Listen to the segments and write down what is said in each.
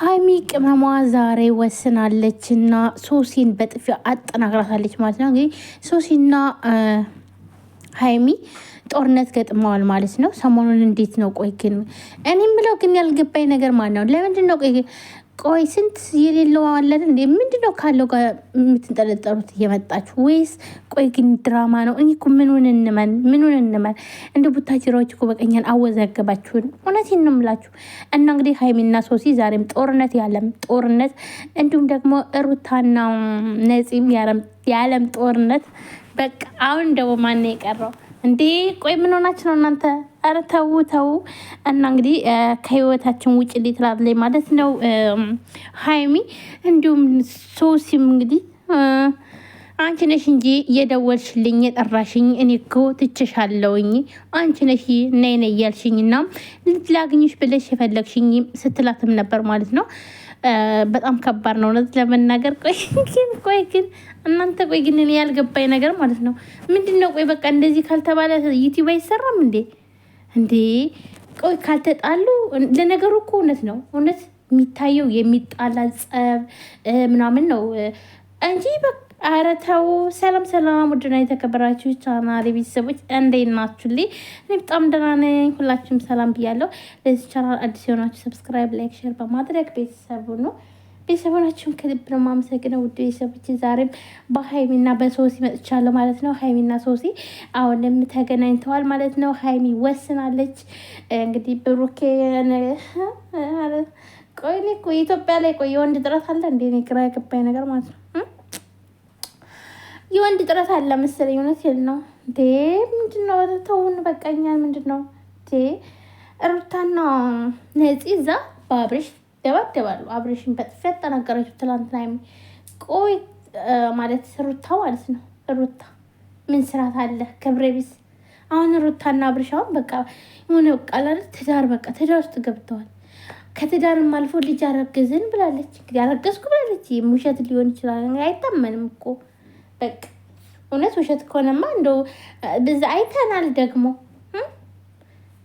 ሀይሚ ቅመሟ ዛሬ ወስናለች እና ሶሲን በጥፊ አጠናግራታለች ማለት ነው። እንግዲህ ሶሲና ሀይሚ ጦርነት ገጥመዋል ማለት ነው። ሰሞኑን እንዴት ነው? ቆይ ግን እኔም ብለው ግን ያልገባኝ ነገር ማለት ነው። ለምንድን ነው ቆይ ቆይ ስንት የሌለው አለን እንዴ? ምንድን ነው ካለው ጋር የምትንጠለጠሩት እየመጣችሁ ወይስ? ቆይ ግን ድራማ ነው። እኔ እኮ ምኑን እንመን ምኑን እንመን? እንደ ቡታጅራዎች እኮ በቀኛን አወዛገባችሁን። እውነቴን ነው የምላችሁ። እና እንግዲህ ሀይሚና ሶሲ ዛሬም ጦርነት ያለም ጦርነት፣ እንዲሁም ደግሞ ሩታና ነፂም ያለም ጦርነት። በቃ አሁን ደግሞ ማን የቀረው? እንዴ ቆይ ምን ሆናችሁ ነው እናንተ? ኧረ ተው ተው። እና እንግዲህ ከህይወታችን ውጭ ሊትላለ ማለት ነው ሀይሚ እንዲሁም ሶሲም እንግዲህ አንቺ ነሽ እንጂ የደወልሽልኝ የጠራሽኝ፣ እኔ እኮ ትችሻለውኝ አንቺ ነሽ ነይ ነይ እያልሽኝ እና ልትላግኝሽ ብለሽ የፈለግሽኝ ስትላትም ነበር ማለት ነው። በጣም ከባድ ነው እውነት ለመናገር። ቆይ ግን ቆይ ግን እናንተ ቆይ ግን እኔ ያልገባኝ ነገር ማለት ነው ምንድን ነው? ቆይ በቃ እንደዚህ ካልተባለ ዩቲዩብ አይሰራም እንዴ? እንዴ ቆይ ካልተጣሉ ለነገሩ እኮ እውነት ነው እውነት የሚታየው የሚጣላ ጸብ ምናምን ነው እንጂ በቃ ኧረ ተው። ሰላም ሰላም፣ ውድና የተከበራችሁ ቻናል ቤተሰቦች እንዴት ናችሁልኝ? እኔ በጣም ደህና ነኝ። ሁላችሁም ሰላም ብያለሁ። ለዚህ ቻናል አዲስ የሆናችሁ ሰብስክራይብ፣ ላይክ፣ ሼር በማድረግ ቤተሰቡ ነው ቤተሰቦናችሁን ከልብ ነው የማመሰግነው። ውድ ቤተሰቦች ዛሬም በሀይሚና በሶሲ መጥቻለሁ ማለት ነው። ሀይሚና ሶሲ አሁንም ተገናኝተዋል ማለት ነው። ሀይሚ ወስናለች እንግዲህ ብሩኬ ቆይ እኔ የኢትዮጵያ ላይ ቆይ የወንድ ጥረት አለ እንደ እኔ ግራ የገባኝ ነገር ማለት ነው። የወንድ ጥረት አለ መሰለኝ። እውነቴን ነው። እንዴ ምንድን ነው? ተውን በቃ እኛን ምንድን ነው እንዴ? ሩታና ነፂ እዛ በአብሬሽ ደባደባሉ። አብሬሽን በጥፊ ያጠናገረችው ትላንትና። ቆይ ማለት ሩታ ማለት ነው። ሩታ ምን ስራት አለ? ክብረ ቢስ አሁን ሩታና አብሬሽ በቃ የሆነ ቃላል ትዳር በቃ ትዳር ውስጥ ገብተዋል። ከትዳርም አልፎ ልጅ አረገዝን ብላለች። እንግዲህ አረገዝኩ ብላለች። ውሸት ሊሆን ይችላል፣ አይታመንም እኮ በቃ እውነት ውሸት ከሆነማ እንደው ብዛ አይተናል። ደግሞ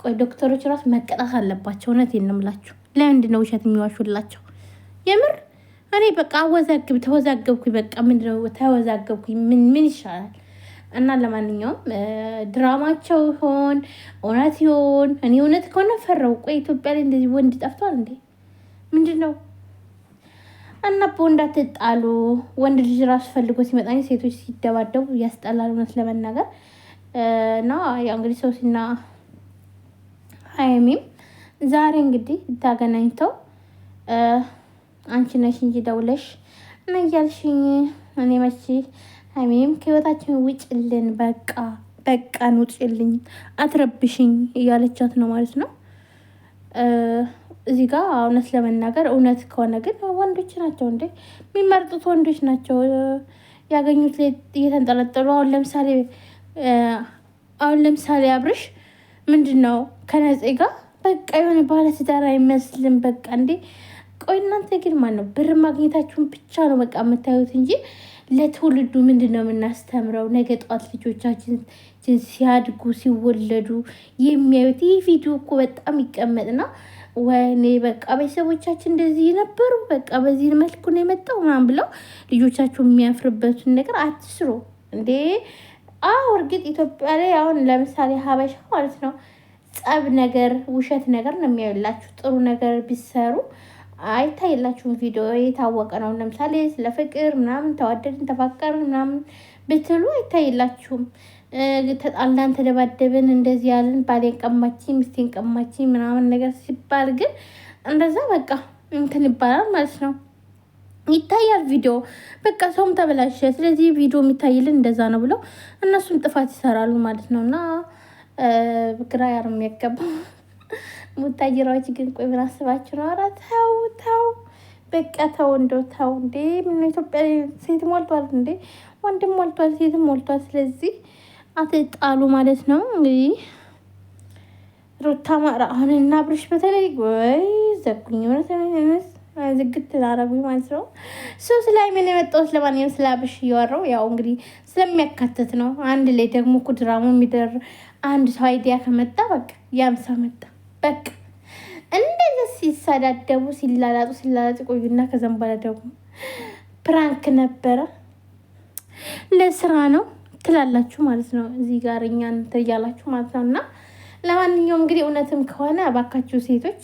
ቆይ ዶክተሮች ራሱ መቀጣት አለባቸው። እውነት የንምላችሁ ለምንድን ነው ውሸት የሚዋሹላቸው? የምር እኔ በቃ አወዛግብ ተወዛገብኩ። በቃ ምንድነው ተወዛገብኩ። ምን ይሻላል? እና ለማንኛውም ድራማቸው ይሆን እውነት ይሆን? እኔ እውነት ከሆነ ፈረው። ቆይ ኢትዮጵያ ላይ እንደዚህ ወንድ ጠፍቷል እንዴ? ምንድን ነው እና እንዳትጣሉ። ወንድ ልጅ ራሱ ፈልጎ ሲመጣ ሴቶች ሲደባደቡ ያስጠላል፣ እውነት ለመናገር እና ያው እንግዲህ ሶሲና ሀይሚም ዛሬ እንግዲህ ተገናኝተው አንቺ ነሽ እንጂ ደውለሽ እና እያልሽኝ እኔ መቼ ሀይሚም ከህይወታችን ውጭልን፣ በቃ በቃን፣ ውጭልኝ፣ አትረብሽኝ እያለቻት ነው ማለት ነው። እዚህ ጋ እውነት ለመናገር እውነት ከሆነ ግን ወንዶች ናቸው እንዴ የሚመርጡት ወንዶች ናቸው ያገኙት እየተንጠለጠሉ። አሁን ለምሳሌ አሁን ለምሳሌ አብርሽ ምንድን ነው ከነፄ ጋ በቃ የሆነ ባለትዳር አይመስልም። በቃ እንዴ ቆይ እናንተ ግን ማን ነው ብር ማግኘታችሁን ብቻ ነው በቃ የምታዩት እንጂ ለትውልዱ ምንድን ነው የምናስተምረው? ነገ ጠዋት ልጆቻችን ሲያድጉ ሲወለዱ የሚያዩት ይህ ቪዲዮ እኮ በጣም ይቀመጥና ወይኔ በቃ ቤተሰቦቻችን እንደዚህ ነበሩ፣ በቃ በዚህ መልኩ ነው የመጣው ምናምን ብለው ልጆቻቸው የሚያፍርበትን ነገር አትስሩ እንዴ። አዎ እርግጥ ኢትዮጵያ ላይ አሁን ለምሳሌ ሀበሻ ማለት ነው ጸብ ነገር፣ ውሸት ነገር ነው የሚያዩላችሁ። ጥሩ ነገር ቢሰሩ አይታይላችሁም። ቪዲዮ የታወቀ ነው። ለምሳሌ ስለ ፍቅር ምናምን ተዋደድን፣ ተፋቀርን ምናምን ብትሉ አይታይላችሁም። ተጣላን፣ ተደባደብን፣ እንደዚህ ያለን ባሌን ቀማች፣ ሚስቴን ቀማች ምናምን ነገር ሲባል ግን እንደዛ በቃ እንትን ይባላል ማለት ነው። ይታያል ቪዲዮ በቃ ሰውም ተበላሸ። ስለዚህ ቪዲዮ የሚታይልን እንደዛ ነው ብለው እነሱም ጥፋት ይሰራሉ ማለት ነው። እና ግራ ያርም ያገባው ሙታጅራዎች ግን ቆይ ምን አስባችሁ ነው? ኧረ ተው ተው በቃ ተው እንደው ተው እንዴ! ምነው ኢትዮጵያ ሴት ሞልቷል እንዴ! ወንድም ሞልቷል፣ ሴትም ሞልቷል። ስለዚህ አትጣሉ ማለት ነው እንግዲህ ሩታ ማራ አሁን እና አብርሽ በተለይ ወይ ዘጉኝ ዝግት ላረጉኝ ማለት ነው። እሱ ስለ ምን የመጣሁት ለማንኛውም ስለ አብርሽ እያወራው ያው እንግዲህ ስለሚያካትት ነው። አንድ ላይ ደግሞ እኮ ድራማ የሚደር አንድ ሰው አይዲያ ከመጣ በቃ ያም ሰው መጣ በቃ እንደዚህ ሲሰዳደቡ ሲላላጡ ሲላላጡ ቆዩና ከዘንባላ ደግሞ ፕራንክ ነበረ ለስራ ነው ትላላችሁ ማለት ነው። እዚህ ጋር እኛ ትያላችሁ ማለት ነው። እና ለማንኛውም እንግዲህ እውነትም ከሆነ ባካችሁ ሴቶች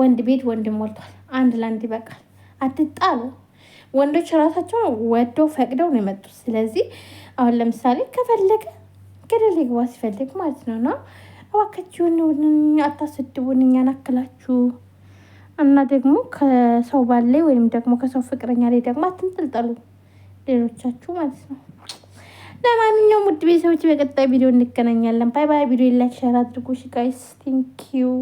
ወንድ ቤት ወንድ ሞልቷል። አንድ ለአንድ ይበቃል። አትጣሉ። ወንዶች ራሳቸው ወደው ፈቅደው ነው የመጡት። ስለዚህ አሁን ለምሳሌ ከፈለገ ገደል ሊግባ ሲፈልግ ማለት ነው ነው እባካችሁን አታስድቡን፣ እኛን አክላችሁ እና ደግሞ ከሰው ባላይ ወይም ደግሞ ከሰው ፍቅረኛ ላይ ደግሞ አትንጠልጠሉ ሌሎቻችሁ ማለት ነው። ለማንኛውም ውድ ቤተሰቦች በቀጣይ ቪዲዮ እንገናኛለን። ባይ ባይ። ቪዲዮ ላይክ ሸር አድርጉ። እሺ ጋይስ ቴንክ ዩ